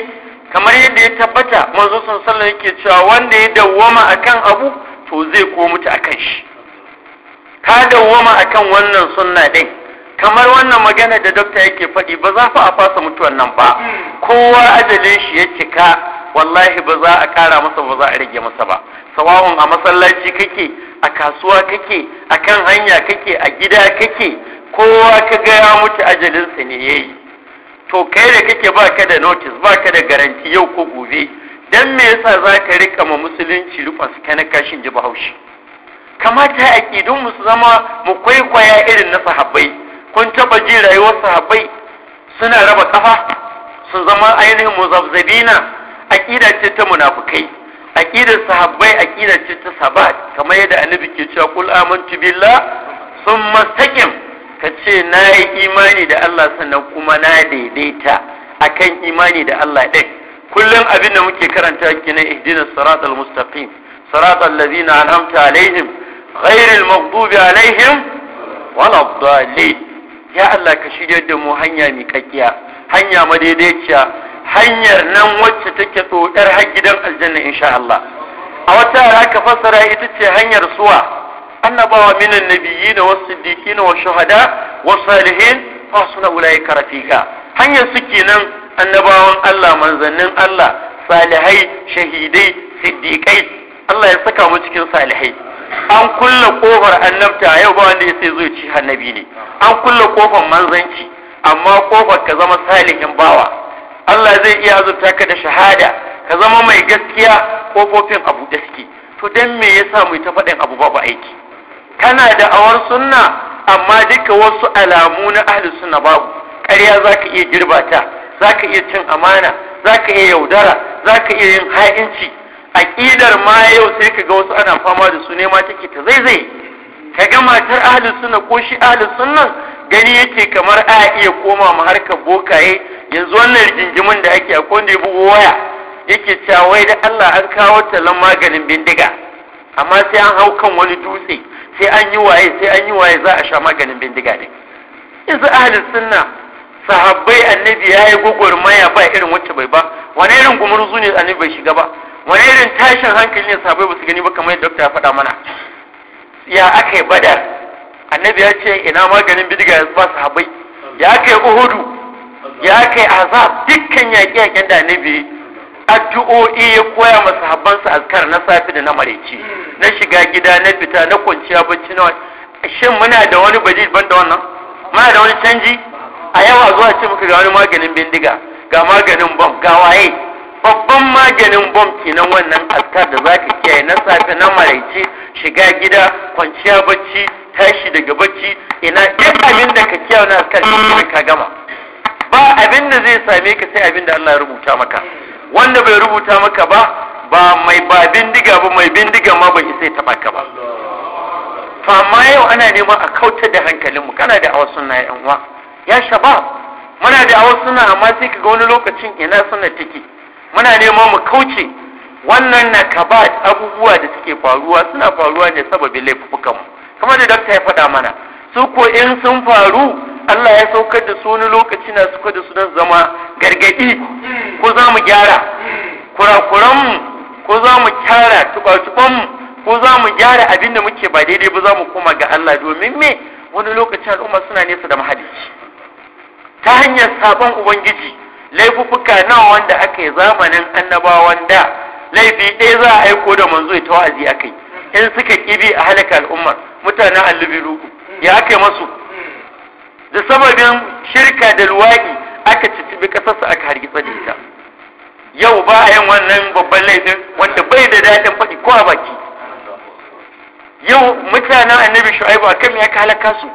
kamar yadda ya tabbata manzo sallallahu yake cewa wanda ya dawwama akan abu to zai ko mutu akan shi ka dawwama akan wannan sunna din kamar wannan magana da dokta yake faɗi ba za fa a fasa mutuwan nan ba hmm. kowa ajalin shi ya cika wallahi ba za a ƙara masa ba za a rage masa ba sawawun a masallaci kake a kasuwa kake a kan hanya kake a gida kake kowa ka ga ya mutu ajalinsa ne ya yi to kai da kake ba ka da notis ba ka da garanti yau ko gobe dan me yasa za ka rika ma musulunci rufan su kana kashin ji bahaushe kamata aƙidun mu su zama mu kwaikwaya irin na sahabbai kun taɓa jin rayuwar sahabbai suna raba ƙafa sun zama ainihin muzabzabina aqida ce ta munafukai aƙidar sahabbai aƙida ce ta sabat kamar yadda annabi ke cewa qul amantu billah ka ce na nayi imani da Allah sannan kuma na daidaita akan imani da Allah din kullum abin da muke karanta kenan ihdinas siratal mustaqim siratal ladzina an'amta alaihim ghairil maghdubi alaihim waladdallin ya Allah ka shiryar da mu hanya miƙaƙiya hanya madaidaiciya hanyar nan wacce take tsohar har gidan aljanna insha Allah a wata ka fassara ita ce hanyar suwa annabawa minan nabiyina was siddiqina na shuhada wa salihin fasuna ulai rafika hanyar su kenan annabawan Allah manzannin Allah salihai shahidai siddiqai Allah ya saka mu cikin salihai an kulle kofar annabta yau ba wanda ya zai ci annabi ne an kulle kofar manzanci amma kofar ka zama salihin bawa Allah zai iya zuta ka da shahada ka zama mai gaskiya kofofin abu da suke to dan me yasa mu ta faɗin abu ba babu aiki kana da awar sunna amma duka wasu alamu na ahli sunna babu ƙarya zaka iya girbata zaka iya cin amana zaka iya yaudara zaka iya yin ha'inci aƙidar ma yau sai ka ga wasu ana fama da su ne ma take ta zaizai ka ga matar ahli sunna ko shi ahli sunna gani yake kamar a iya koma mu harkar bokaye yanzu wannan rigingimin da ake akwai wanda ya bugu waya yake cewa wai da Allah an kawo talan maganin bindiga amma sai an hau kan wani dutse sai an yi waye sai an yi waye za a sha maganin bindiga ne yanzu ahlus sunna sahabbai annabi ya yi gwagwarmaya ba irin wacce bai ba wani irin gumurzu ne annabi bai shiga ba wani irin tashin hankali ne sahabbai ba su gani ba kamar yadda ya faɗa mana ya aka yi badar annabi ya ce ina maganin bidiga ya ba sahabbai ya kai uhudu ya kai azab dukkan yaƙi yaƙen da annabi addu'o'i ya koya ma sahabbansa azkar na safi da na mareci na shiga gida na fita na kwanciya bacci na shin muna da wani baji ban da wannan muna da wani canji a yawa zuwa ce muka ga wani maganin bindiga ga maganin bom ga waye babban maganin bom kenan wannan azkar da zaka kiyaye na safe na maraice shiga gida kwanciya bacci tashi daga bacci ina duk abin da ka kiyaye na ka gama ba abin da zai same ka sai abin da Allah ya rubuta maka wanda bai rubuta maka ba ba mai ba bindiga ba mai bindiga ma bai isa ya ba to amma yau ana neman a kauta da hankalinmu kana da awa sunna yan uwa ya shabab muna da awa suna amma sai kaga wani lokacin ina suna take muna neman mu kauce wannan na kaba abubuwa da suke faruwa suna faruwa ne saboda laifukan mu kuma da dakta ya faɗa mana su ko in sun faru Allah ya saukar da su wani lokaci na suka da su don zama gargaɗi ko za mu gyara kurakuranmu ko za mu kyara tuba ko za mu gyara abin da muke ba daidai ba za mu koma ga Allah domin me wani lokaci al'umma suna nesa da mahalicci ta hanyar sabon ubangiji laifuffuka nawa wanda aka yi zamanin annabawan da laifi ɗaya za a aiko da manzo ya wa'azi akai in suka kibi a halaka al'ummar mutanen allubiru ya ake masu da sababin shirka da luwaɗi aka tibi ƙasarsa aka hargitsa da ita yau ba a yin wannan babban laifin wanda bai da daɗin faɗi ko a baki yau mutanen annabi shu'aibu a kan ya halaka su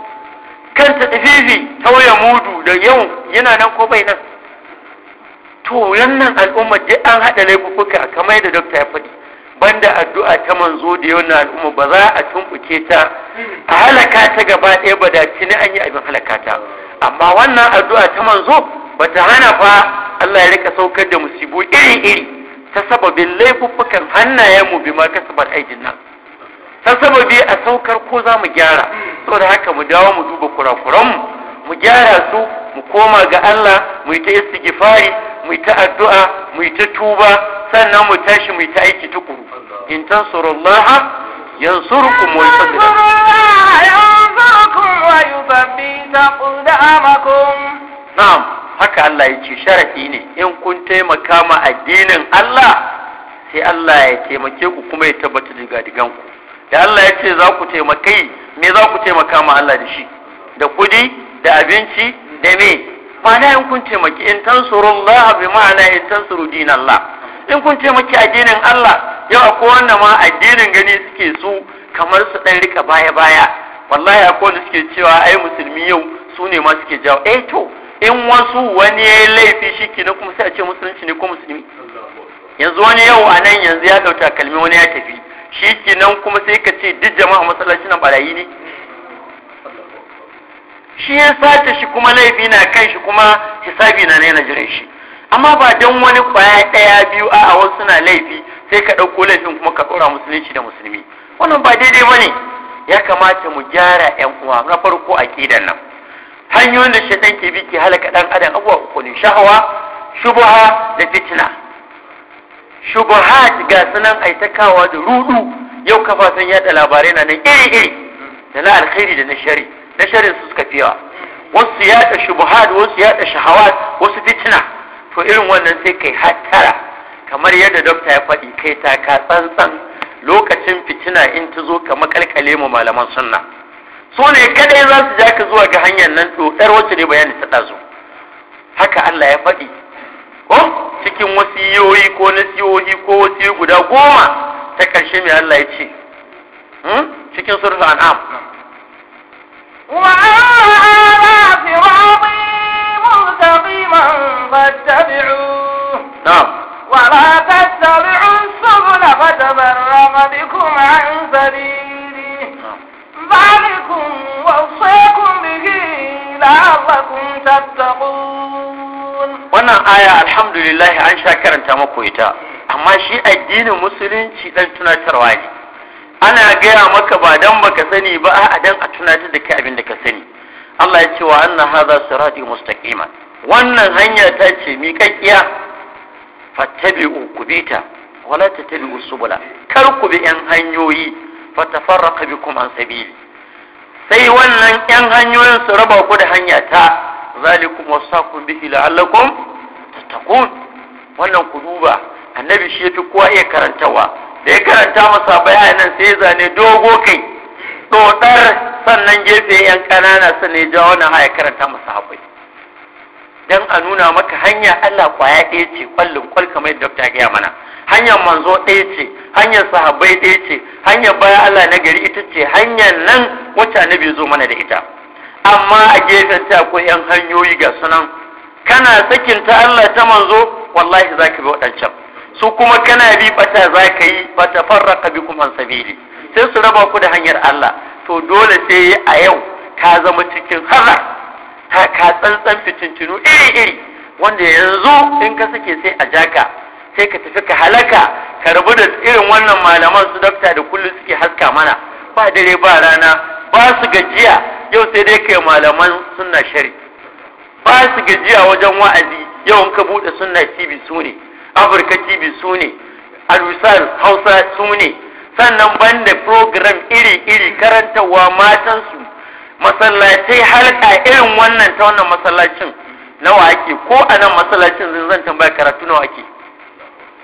kanta tafifi tauye mudu da yau yana nan ko bai nan to yannan al'ummar duk an haɗa laifuffuka kamar yadda dokta ya faɗi banda addu'a ta manzo da yawan al'umma ba za a tumbuke ta a halaka ta gaba ɗaya ba da tuni an yi abin halaka ta amma wannan addu'a ta manzo ba ta hana fa Allah ya rika saukar da musibu iri-iri ta sababin laifuffukan hannayen mu bi ma kasabar aikin nan ta sababi a saukar ko za mu gyara So da haka mu dawo mu duba kurakuran mu mu gyara su mu koma ga Allah mu yi ta istighfari mu ta addu'a mu ta tuba sannan mu tashi mu ta aiki tukuru in tansurullaha yansurkum wa yusaddiqukum na'am haka Allah ya ce ne in kun taimaka ma addinin Allah sai Allah ya taimake ku kuma ya tabbata daga diganku da Allah ya ce za ku taimakai me za ku taimaka ma Allah da shi da kudi da abinci da me ma'ana in kun taimaki in tansurullah bi ma'ana in tansuru Allah? in kun taimaki addinin Allah yau akwai wanda ma addinin gani suke su kamar su dan rika baya baya wallahi akwai wanda suke cewa ai musulmi yau su ne ma suke jawo eh to in wasu wani ya yi laifi shi ke kuma sai a ce musulunci ne ko musulmi yanzu wani yau a nan yanzu ya dauta kalmi wani ya tafi shi nan kuma sai ka ce duk jama'a masallaci nan barayi ne shi ya sace shi kuma laifi na kan shi kuma hisabi na ne na jiran shi amma ba don wani kwaya ɗaya biyu a wasu suna laifi sai ka ɗauko laifin kuma ka ɗora musulunci da musulmi wannan ba daidai ba ne ya kamata mu gyara yan uwa na farko a kidan nan hanyoyin da shaitan ke bi ke halaka ɗan adam abuwa uku ne shahawa shubuha da fitina shubuha ga sunan aitakawa da rudu yau sun yaɗa labarai na nan iri iri da na alkhairi da na shari'a na sharin su suka fi yawa wasu yaɗa shubuhat wasu yaɗa shahawat wasu fitina to irin wannan sai kai hattara kamar yadda dokta ya faɗi kai ta ka tsantsan lokacin fitina in ta zo ka makalkale mu malaman sunna
su ne kadai za su
ja ka zuwa ga hanyar nan to ɗar wacce ne bayani ta ɗazu haka Allah ya faɗi ko cikin wasu wasiyoyi ko nasiyoyi ko wasu guda goma ta ƙarshe mai Allah ya ce hmm? cikin surfa an'am alhamdulillah an sha karanta muku ita amma shi addinin musulunci dan tunatarwa ne ana gaya maka ba dan baka sani ba a dan a tunatar da kai abin da ka sani Allah ya ce wa anna hadha sirati mustaqima wannan hanya ta ce kakkiya fattabi'u kubita wala tattabi'u subula kar ku bi yan hanyoyi fatafarraqa bikum an sabili sai wannan yan hanyoyin su raba ku da hanya ta zalikum wasakum bihi la'allakum tattaqun wannan ku duba annabi shi ya fi kowa iya karantawa da ya karanta masa nan sai zane dogo kai dodar sannan gefe yan kanana su ne jawo na haya karanta masa haɓai don a nuna maka hanya Allah kwaya ɗaya ce kwallon kwal kamar yadda dokta gaya mana hanyar manzo ɗaya ce hanyar sahabbai ɗaya ce hanyar bayan Allah na gari ita ce hanyar nan wacce annabi zo mana da ita amma a gefen ta akwai yan hanyoyi ga sunan kana sakin Allah ta manzo wallahi zaka bi waɗancan su kuma kana bi bata za ka yi bata farraka bi kuma sabili sai su raba ku da hanyar Allah to dole sai a yau ka zama cikin hazar ka tsantsan fitintinu iri-iri wanda yanzu in ka sake sai a jaka sai ka tafi ka halaka ka rabu da irin wannan malaman su dafta da kullum suke haska mana ba dare ba rana ba su gajiya yau sai dai kai malaman sunna shari ba su gajiya wajen wa'azi yau in ka buɗe sunna tv su ne afirka tv su ne alusal hausa su ne sannan banda program iri-iri karantarwa matansu har halka irin wannan ta wannan masallacin nawa ake ko a nan masallacin zan tambaya karatu nawa ake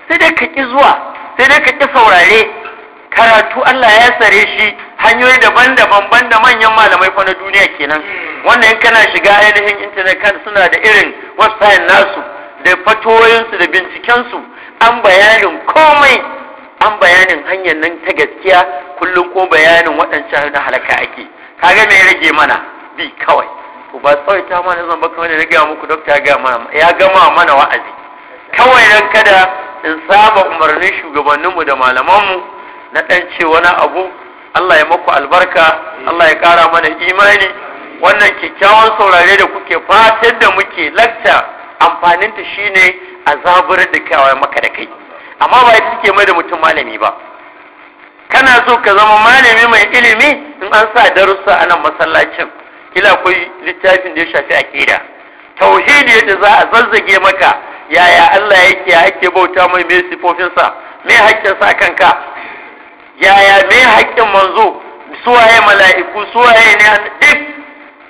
sai dai ka ƙi zuwa sai dai ka ƙi saurare karatu Allah ya sare shi hanyoyi daban-daban banda manyan malamai fa na duniya kenan wannan kana shiga ainihin intanet kan suna da irin wasu nasu da fatoyinsu da bincikensu an bayanin komai an bayanin hanyar nan ta gaskiya kullum ko bayanin waɗancan na halaka ake kaga mai rage mana bi kawai to ba ta mana zan baka wani gaya muku dokta ya gama mana wa'azi kawai nan kada in saba umarnin shugabanninmu da malamanmu na ɗan ce wani abu Allah ya maku albarka Allah ya kara mana imani wannan kyakkyawan saurare da kuke fatan da muke lakta amfaninta shine a zaburar da wa maka da kai amma ba ita take mai da mutum malami ba kana so ka zama malami mai ilimi in an sa darussa a nan masallacin kila akwai littafin da ya shafi akida tauhidi yadda za a zazzage maka yaya Allah yake ake bauta mai me sa me hakkin sa kanka yaya me hakkin manzo suwaye mala'iku suwaye ne duk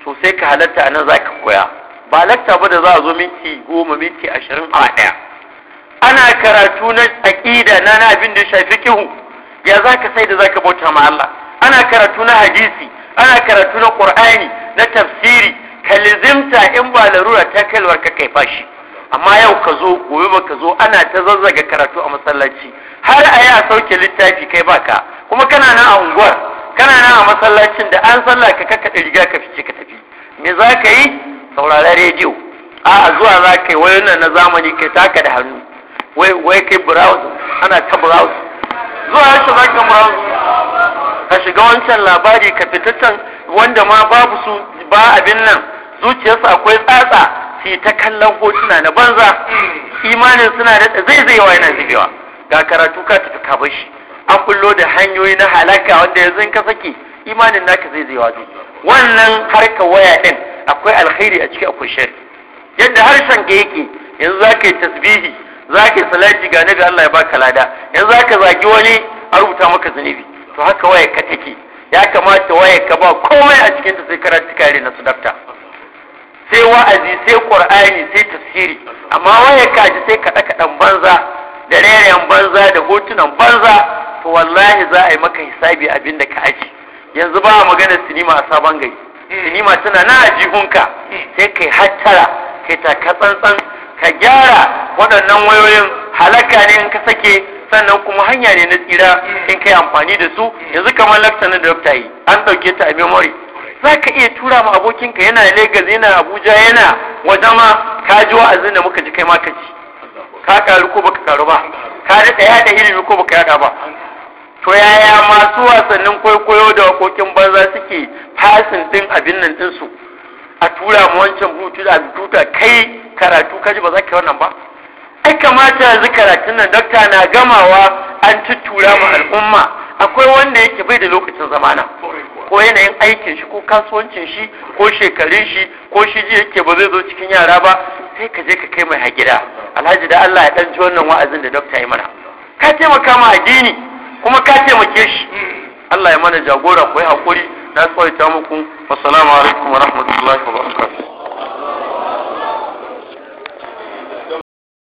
to sai ka halatta anan zaka koya ba lakta ba da za a zo minti goma minti ashirin a ɗaya ana karatu na aƙida na na abin da shafi kihu ya za ka sai da za ka bauta ma Allah ana karatu na hadisi ana karatu na ƙur'ani na tafsiri ka lizimta in ba larura ta kalwar ka kai fashi amma yau ka zo gobe ba ka zo ana ta zazzaga karatu a masallaci har a yi a sauke littafi kai baka kuma kana nan a unguwar kana nan a masallacin da an sallah ka kakkaɗe riga ka fice ka tafi me za ka yi saurara rediyo a zuwa za ka yi wani na zamani kai taka da hannu wai kai browse ana ta browse zuwa shi za ka browse ka shiga wancan labari ka fita wanda ma babu su ba abin nan zuciyarsu akwai tsatsa sai ta kallon hotuna na banza imanin suna da zai zai yawa yana zubewa ga karatu ka tafi ka bashi an kullo da hanyoyi na halaka wanda yanzu ka saki imanin naka zai zai yawa wannan harka waya din akwai alkhairi a ciki akwai shari yadda harshen ka yake yanzu za ka yi tasbihi za ka yi salati ga nabi Allah ya baka lada yanzu za ka zagi wani a rubuta maka zunubi to haka waya ka take ya kamata waya ka ba komai a cikin ta sai karatu kare na sudakta sai wa'azi sai qur'ani sai tafsiri amma waya ka ji sai kada kaɗan banza da rairayen banza da hotunan banza to wallahi za a yi maka hisabi abinda ka aji yanzu ba magana sinima a sabon gari ganima tana na jihunka sai kai hattara kai ta ka tsantsan ka gyara waɗannan wayoyin halaka ne in ka sake sannan kuma hanya ne na tsira in kai amfani da su yanzu kamar laktana da dokta yi an ɗauke ta a memory za ka iya tura ma abokinka yana Legas yana Abuja yana ma ka ji wa'azin da muka ji kai ma ka ji ka karu ko baka karu ba ka daɗa yaɗa ilimi ko baka yaɗa ba to yaya masu wasannin kwaikwayo da wakokin banza suke fasin din abin nan dinsu a tura mu wancan hutu da tuta kai karatu kaji ba za ka yi wannan ba ai kamata yanzu karatun nan dokta na gamawa an tuttura mu al'umma akwai wanda yake bai da lokacin zamana ko yanayin aikin shi ko kasuwancin shi ko shekarun shi ko shi ji yake ba zai zo cikin yara ba sai ka je ka kai mai hagida alhaji da Allah ya ɗan ji wannan wa'azin da dokta ya mana ka taimaka ma addini kuma ka taimake shi Allah ya mana jagora ku yi haƙuri na tsawaita muku wassalamu alaikum wa rahmatullahi wa barakatuh